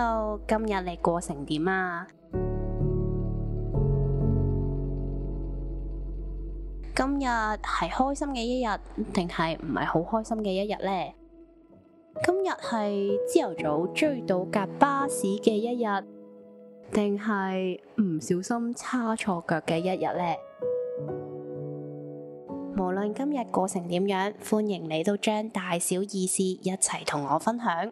Hello, 今日你過成點啊？今日係開心嘅一日，定係唔係好開心嘅一日呢？今日係朝頭早追到架巴士嘅一日，定係唔小心叉錯腳嘅一日呢？無論今日過成點樣，歡迎你都將大小意思一齊同我分享。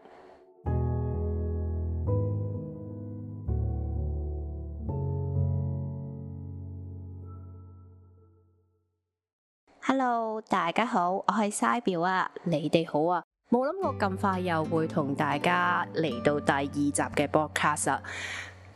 大家好，我係晒表啊，你哋好啊，冇諗過咁快又會同大家嚟到第二集嘅 broadcast 啊。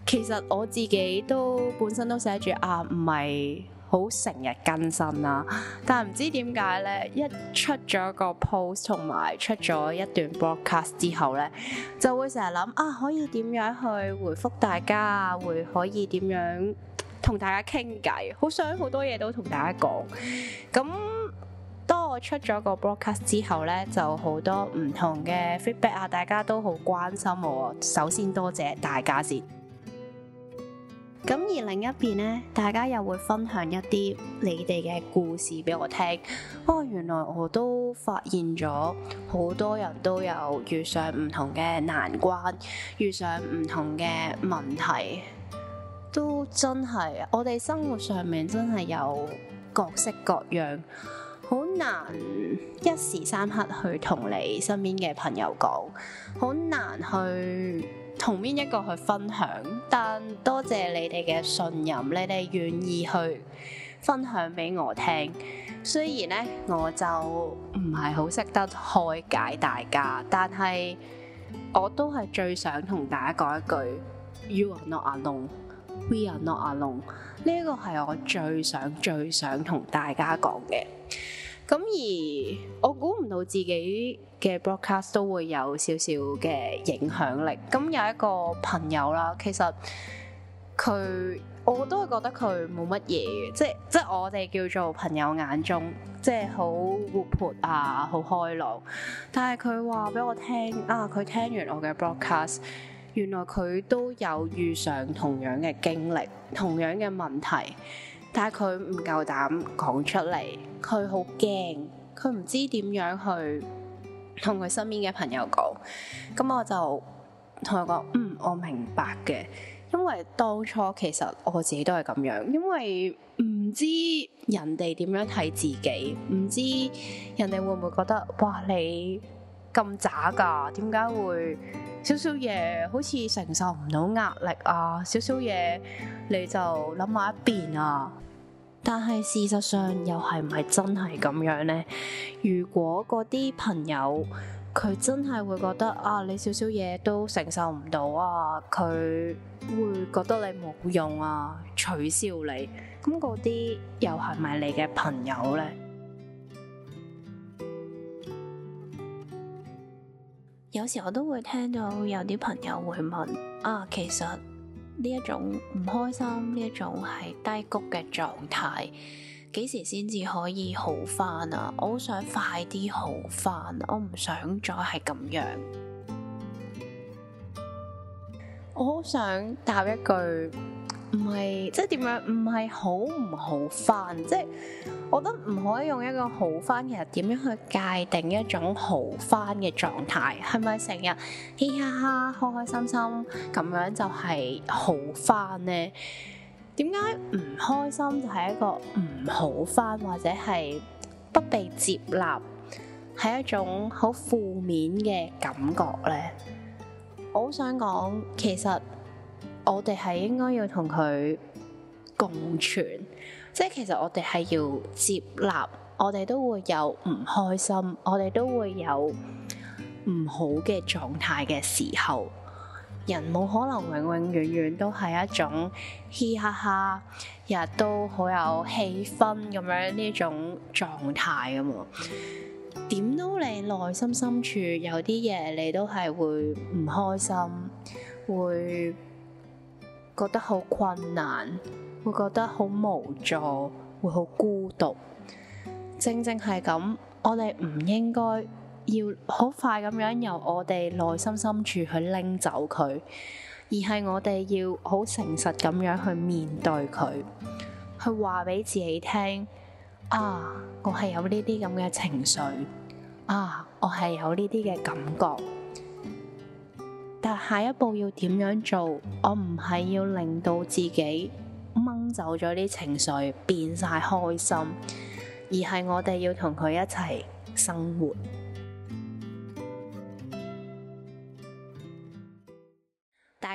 其實我自己都本身都寫住啊，唔係好成日更新啦，啊，但係唔知點解咧，一出咗個 post 同埋出咗一段 broadcast 之後咧，就會成日諗啊，可以點樣去回覆大家啊？會可以點樣同大家傾偈？好想好多嘢都同大家講，咁。我出咗個 broadcast 之後呢，就好多唔同嘅 feedback 啊，大家都好關心我哦。首先多謝大家先。咁而另一邊呢，大家又會分享一啲你哋嘅故事俾我聽。哦，原來我都發現咗好多人都有遇上唔同嘅難關，遇上唔同嘅問題，都真係我哋生活上面真係有各式各樣。好難一時三刻去同你身邊嘅朋友講，好難去同邊一個去分享。但多謝你哋嘅信任，你哋願意去分享俾我聽。雖然咧，我就唔係好識得開解大家，但係我都係最想同大家講一句，You are not alone, we are not alone。呢一個係我最想、最想同大家講嘅。咁而我估唔到自己嘅 broadcast 都會有少少嘅影響力。咁有一個朋友啦，其實佢我都係覺得佢冇乜嘢嘅，即係即係我哋叫做朋友眼中，即係好活潑啊，好開朗。但係佢話俾我聽啊，佢聽完我嘅 broadcast，原來佢都有遇上同樣嘅經歷，同樣嘅問題。但係佢唔夠膽講出嚟，佢好驚，佢唔知點樣去同佢身邊嘅朋友講。咁我就同佢講，嗯，我明白嘅，因為當初其實我自己都係咁樣，因為唔知人哋點樣睇自己，唔知人哋會唔會覺得哇，你咁渣㗎，點解會？少少嘢好似承受唔到壓力啊，少少嘢你就諗下一邊啊。但係事實上又係唔係真係咁樣呢？如果嗰啲朋友佢真係會覺得啊，你少少嘢都承受唔到啊，佢會覺得你冇用啊，取笑你。咁嗰啲又係咪你嘅朋友呢？有時我都會聽到有啲朋友會問啊，其實呢一種唔開心，呢一種係低谷嘅狀態，幾時先至可以好返啊？我好想快啲好返，我唔想再係咁樣。我好想答一句。唔係即係點樣？唔係好唔好返？即係我覺得唔可以用一個好返，其實點樣去界定一種好返嘅狀態？係咪成日嘻嘻哈哈，開開心心咁樣就係好返呢？點解唔開心就係一個唔好返，或者係不被接納，係一種好負面嘅感覺呢？我好想講，其實。我哋係應該要同佢共存，即係其實我哋係要接納，我哋都會有唔開心，我哋都會有唔好嘅狀態嘅時候。人冇可能永永遠遠都係一種嘻哈哈，日日都好有氣氛咁樣呢一種狀態噶嘛。點都你內心深處有啲嘢，你都係會唔開心，會。覺得好困難，會覺得好無助，會好孤獨。正正係咁，我哋唔應該要好快咁樣由我哋內心深處去拎走佢，而係我哋要好誠實咁樣去面對佢，去話俾自己聽：啊，我係有呢啲咁嘅情緒；啊，我係有呢啲嘅感覺。但下一步要點樣做？我唔係要令到自己掹走咗啲情緒，變晒開心，而係我哋要同佢一齊生活。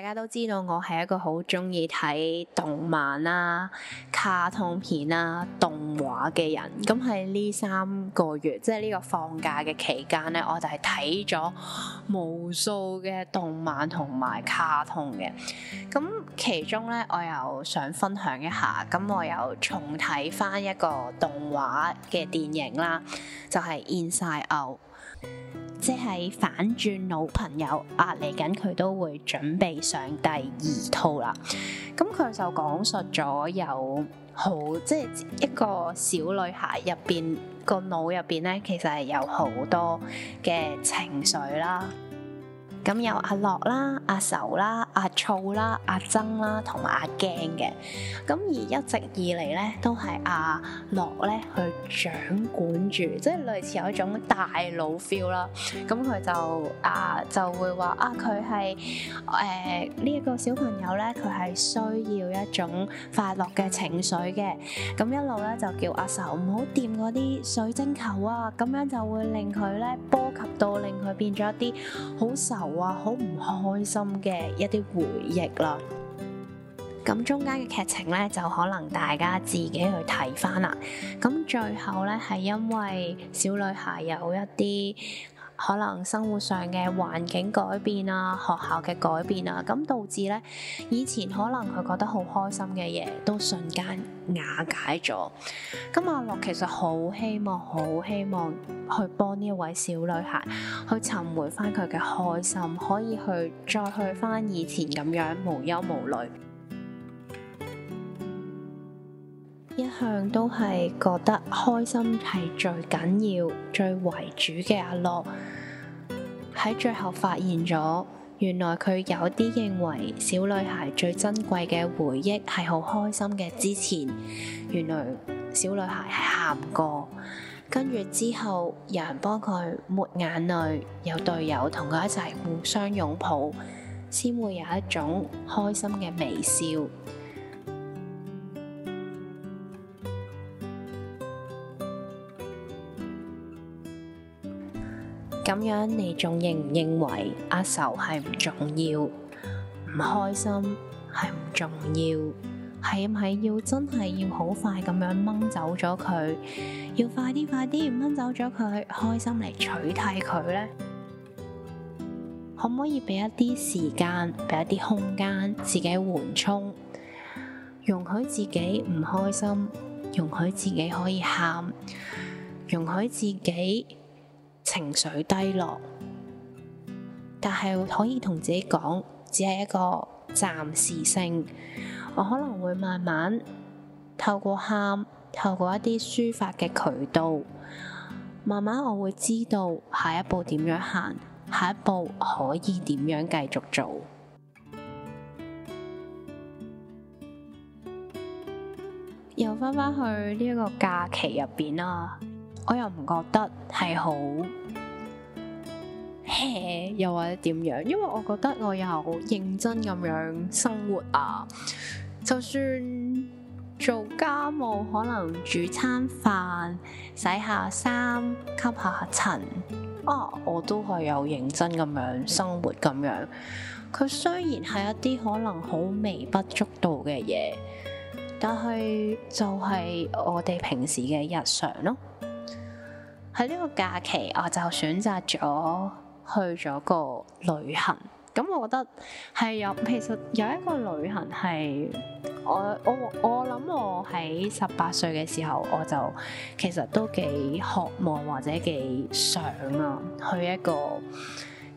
大家都知道我係一個好中意睇動漫啦、卡通片啦、動畫嘅人。咁喺呢三個月，即係呢個放假嘅期間呢，我就係睇咗無數嘅動漫同埋卡通嘅。咁其中呢，我又想分享一下。咁我又重睇翻一個動畫嘅電影啦，就係 Inside Out。即係反轉老朋友啊！嚟緊佢都會準備上第二套啦。咁佢就講述咗有好，即係一個小女孩入面，個腦入面呢，其實係有好多嘅情緒啦。咁有阿樂啦、阿愁啦、阿躁啦、阿憎啦，同埋阿驚嘅。咁而一直以嚟咧，都係阿樂咧去掌管住，即係類似有一種大佬 feel 啦。咁佢就啊就會話啊，佢係誒呢一個小朋友咧，佢係需要一種快樂嘅情緒嘅。咁一路咧就叫阿愁唔好掂嗰啲水晶球啊，咁樣就會令佢咧波及到，令佢變咗一啲好愁。話好唔開心嘅一啲回憶啦，咁中間嘅劇情呢，就可能大家自己去睇返啦，咁最後呢，係因為小女孩有一啲。可能生活上嘅環境改變啊，學校嘅改變啊，咁導致呢，以前可能佢覺得好開心嘅嘢，都瞬間瓦解咗。咁阿樂其實好希望，好希望去幫呢一位小女孩去尋回返佢嘅開心，可以去再去返以前咁樣無憂無慮。一向都係覺得開心係最緊要、最為主嘅阿樂，喺最後發現咗，原來佢有啲認為小女孩最珍貴嘅回憶係好開心嘅之前，原來小女孩係喊過，跟住之後有人幫佢抹眼淚，有隊友同佢一齊互相擁抱，先會有一種開心嘅微笑。咁樣你仲認唔認為阿愁係唔重要？唔開心係唔重要？係唔係要真係要好快咁樣掹走咗佢？要快啲快啲唔掹走咗佢，開心嚟取締佢呢？可唔可以俾一啲時間，俾一啲空間自己緩衝，容許自己唔開心，容許自己可以喊，容許自己？情緒低落，但係可以同自己講，只係一個暫時性。我可能會慢慢透過喊，透過一啲抒發嘅渠道，慢慢我會知道下一步點樣行，下一步可以點樣繼續做。又翻返去呢一個假期入邊啦。我又唔覺得係好 hea，又或者點樣？因為我覺得我有認真咁樣生活啊。就算做家務，可能煮餐飯、洗下衫、吸下塵啊，我都係有認真咁樣生活咁樣。佢雖然係一啲可能好微不足道嘅嘢，但係就係我哋平時嘅日常咯，啊。喺呢個假期，我就選擇咗去咗個旅行。咁我覺得係有，其實有一個旅行係我我我諗，我喺十八歲嘅時候，我就其實都幾渴望或者幾想啊，去一個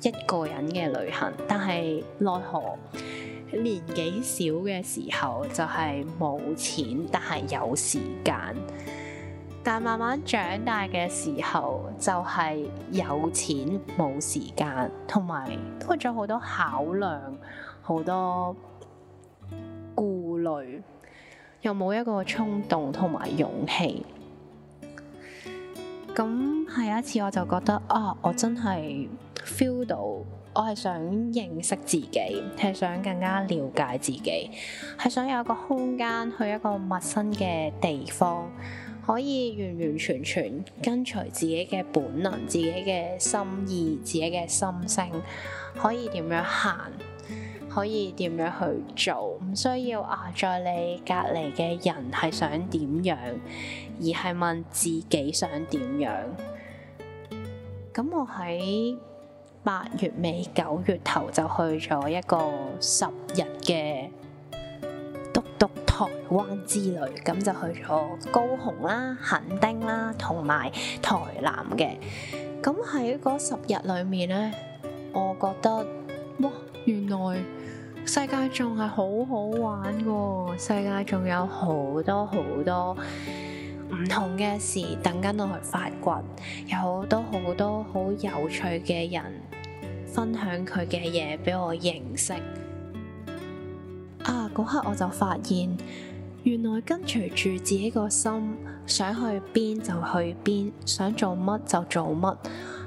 一個人嘅旅行。但係奈何年紀小嘅時候就係冇錢，但係有時間。但慢慢長大嘅時候，就係有錢冇時間，同埋多咗好多考量，好多顧慮，又冇一個衝動同埋勇氣。咁係有一次，我就覺得啊，我真係 feel 到我係想認識自己，係想更加了解自己，係想有一個空間去一個陌生嘅地方。可以完完全全跟隨自己嘅本能、自己嘅心意、自己嘅心聲，可以點樣行，可以點樣去做，唔需要壓在你隔離嘅人係想點樣，而係問自己想點樣。咁我喺八月尾九月頭就去咗一個十日嘅台灣之旅，咁就去咗高雄啦、墾丁啦，同埋台南嘅。咁喺嗰十日裏面呢，我覺得哇，原來世界仲係好好玩嘅，世界仲有好多好多唔同嘅事等緊我去發掘，有好多好多好有趣嘅人分享佢嘅嘢俾我認識。嗰刻我就發現，原來跟隨住自己個心，想去邊就去邊，想做乜就做乜，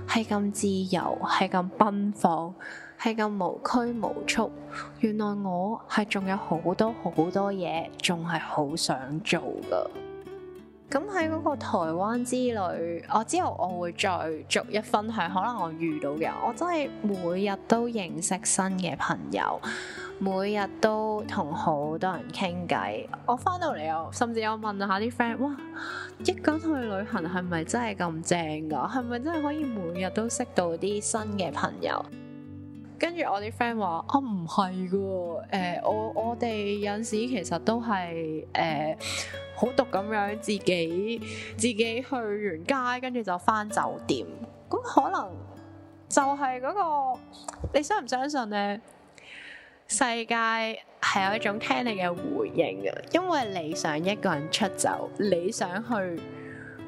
係咁自由，係咁奔放，係咁無拘無束。原來我係仲有好多好多嘢，仲係好想做㗎。咁喺嗰個台灣之旅，我之後我會再逐一分享，可能我遇到嘅，我真係每日都認識新嘅朋友。每日都同好多人傾偈，我翻到嚟又甚至又問下啲 friend，哇！一個去旅行係咪真係咁正㗎？係咪真係可以每日都識到啲新嘅朋友？跟住我啲 friend 話：啊，唔係㗎，誒、呃，我我哋有陣時其實都係誒好獨咁樣，呃、自己自己去完街，跟住就翻酒店。咁可能就係嗰、那個，你相唔相信咧？世界係有一種聽你嘅回應嘅，因為你想一個人出走，你想去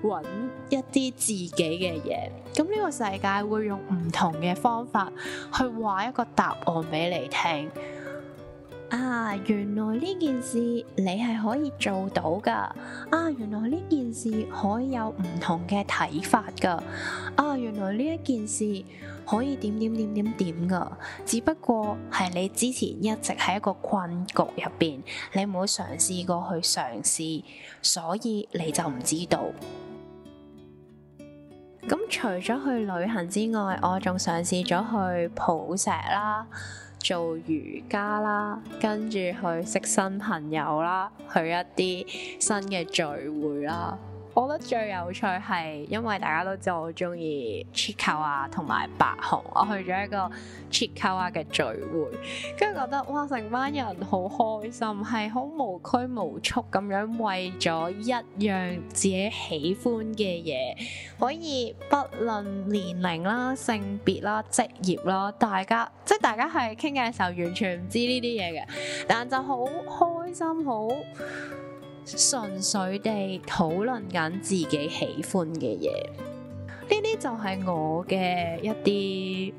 揾一啲自己嘅嘢，咁呢個世界會用唔同嘅方法去畫一個答案俾你聽。啊！原來呢件事你係可以做到噶。啊！原來呢件事可以有唔同嘅睇法噶。啊！原來呢一件事可以點點點點點噶。只不過係你之前一直喺一個困局入邊，你冇嘗試過去嘗試，所以你就唔知道。咁除咗去旅行之外，我仲嘗試咗去抱石啦。做瑜伽啦，跟住去識新朋友啦，去一啲新嘅聚會啦。我覺得最有趣係，因為大家都知我好中意 Chiikawa 啊，同埋白熊。我去咗一個 Chiikawa 啊嘅聚會，跟住覺得哇，成班人好開心，係好無拘無束咁樣為咗一樣自己喜歡嘅嘢，可以不論年齡啦、性別啦、職業啦，大家即係大家係傾偈嘅時候完全唔知呢啲嘢嘅，但就好開心，好～純粹地討論緊自己喜歡嘅嘢，呢啲就係我嘅一啲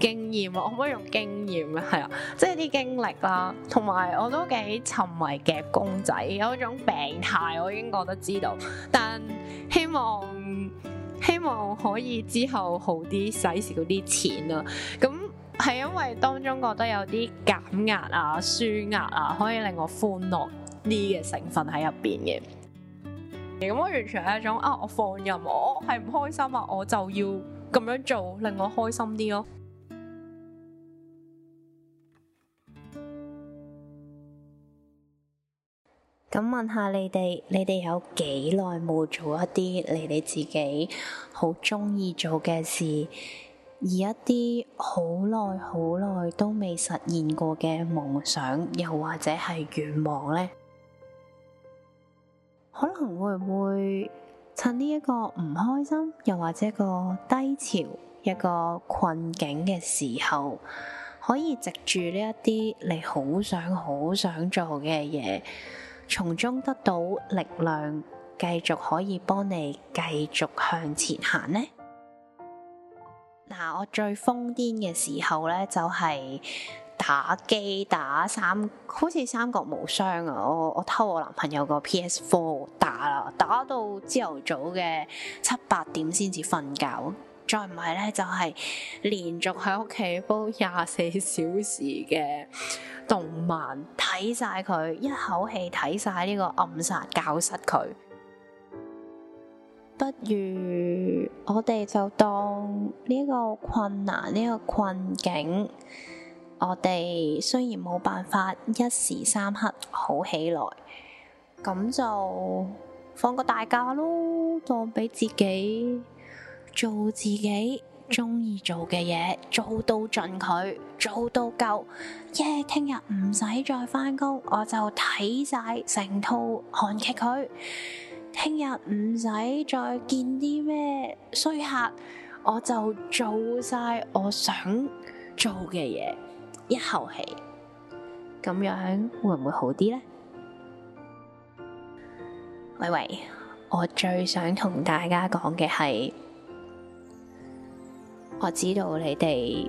經驗啊！可唔可以用經驗？係啊，即係啲經歷啦，同埋我都幾沉迷夾公仔，有一種病態，我已經覺得知道。但希望希望可以之後好啲，使少啲錢啊！咁係因為當中覺得有啲減壓啊、舒壓啊，可以令我歡樂。呢啲成分喺入邊嘅，咁我完全係一種啊，我放任我係唔開心啊，我就要咁樣做令我開心啲咯，哦。咁問下你哋，你哋有幾耐冇做一啲你哋自己好中意做嘅事，而一啲好耐好耐都未實現過嘅夢想，又或者係願望呢？可能會唔會趁呢一個唔開心，又或者一個低潮、一個困境嘅時候，可以藉住呢一啲你好想、好想做嘅嘢，從中得到力量，繼續可以幫你繼續向前行呢？嗱，我最瘋癲嘅時候呢，就係～打機打三，好似《三國無雙》啊！我我偷我男朋友個 PS4 打啦，打到朝頭早嘅七八點先至瞓覺。再唔係呢，就係連續喺屋企煲廿四小時嘅動漫，睇晒佢，一口氣睇晒呢個暗殺教室佢。 不如我哋就當呢個困難，呢個困境。我哋雖然冇辦法一時三刻好起來，咁就放個大假咯，當俾自己做自己中意做嘅嘢，做到盡佢，做到夠。耶！聽日唔使再返工，我就睇晒成套韓劇佢。聽日唔使再見啲咩衰客，我就做晒我想做嘅嘢。一口氣，咁樣會唔會好啲呢？喂喂，我最想同大家講嘅係，我知道你哋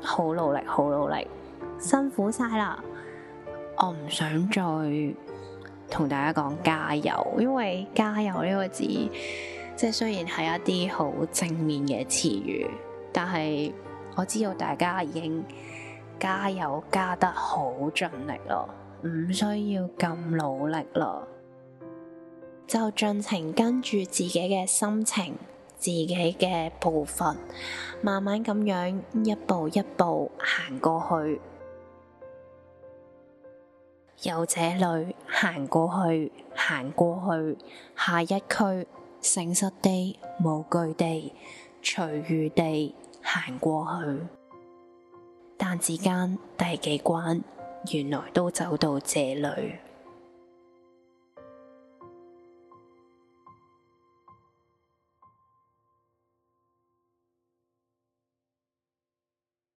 好努力，好努力，辛苦晒啦。我唔想再同大家講加油，因為加油呢個字，即係雖然係一啲好正面嘅詞語，但係我知道大家已經。加油，加得好盡力咯，唔需要咁努力咯，就盡情跟住自己嘅心情、自己嘅步伐，慢慢咁樣一步一步行過去，由這裏行過去，行過去，下一區，誠實地、無懼地、隨遇地行過去。彈指間第幾關，原來都走到這裏。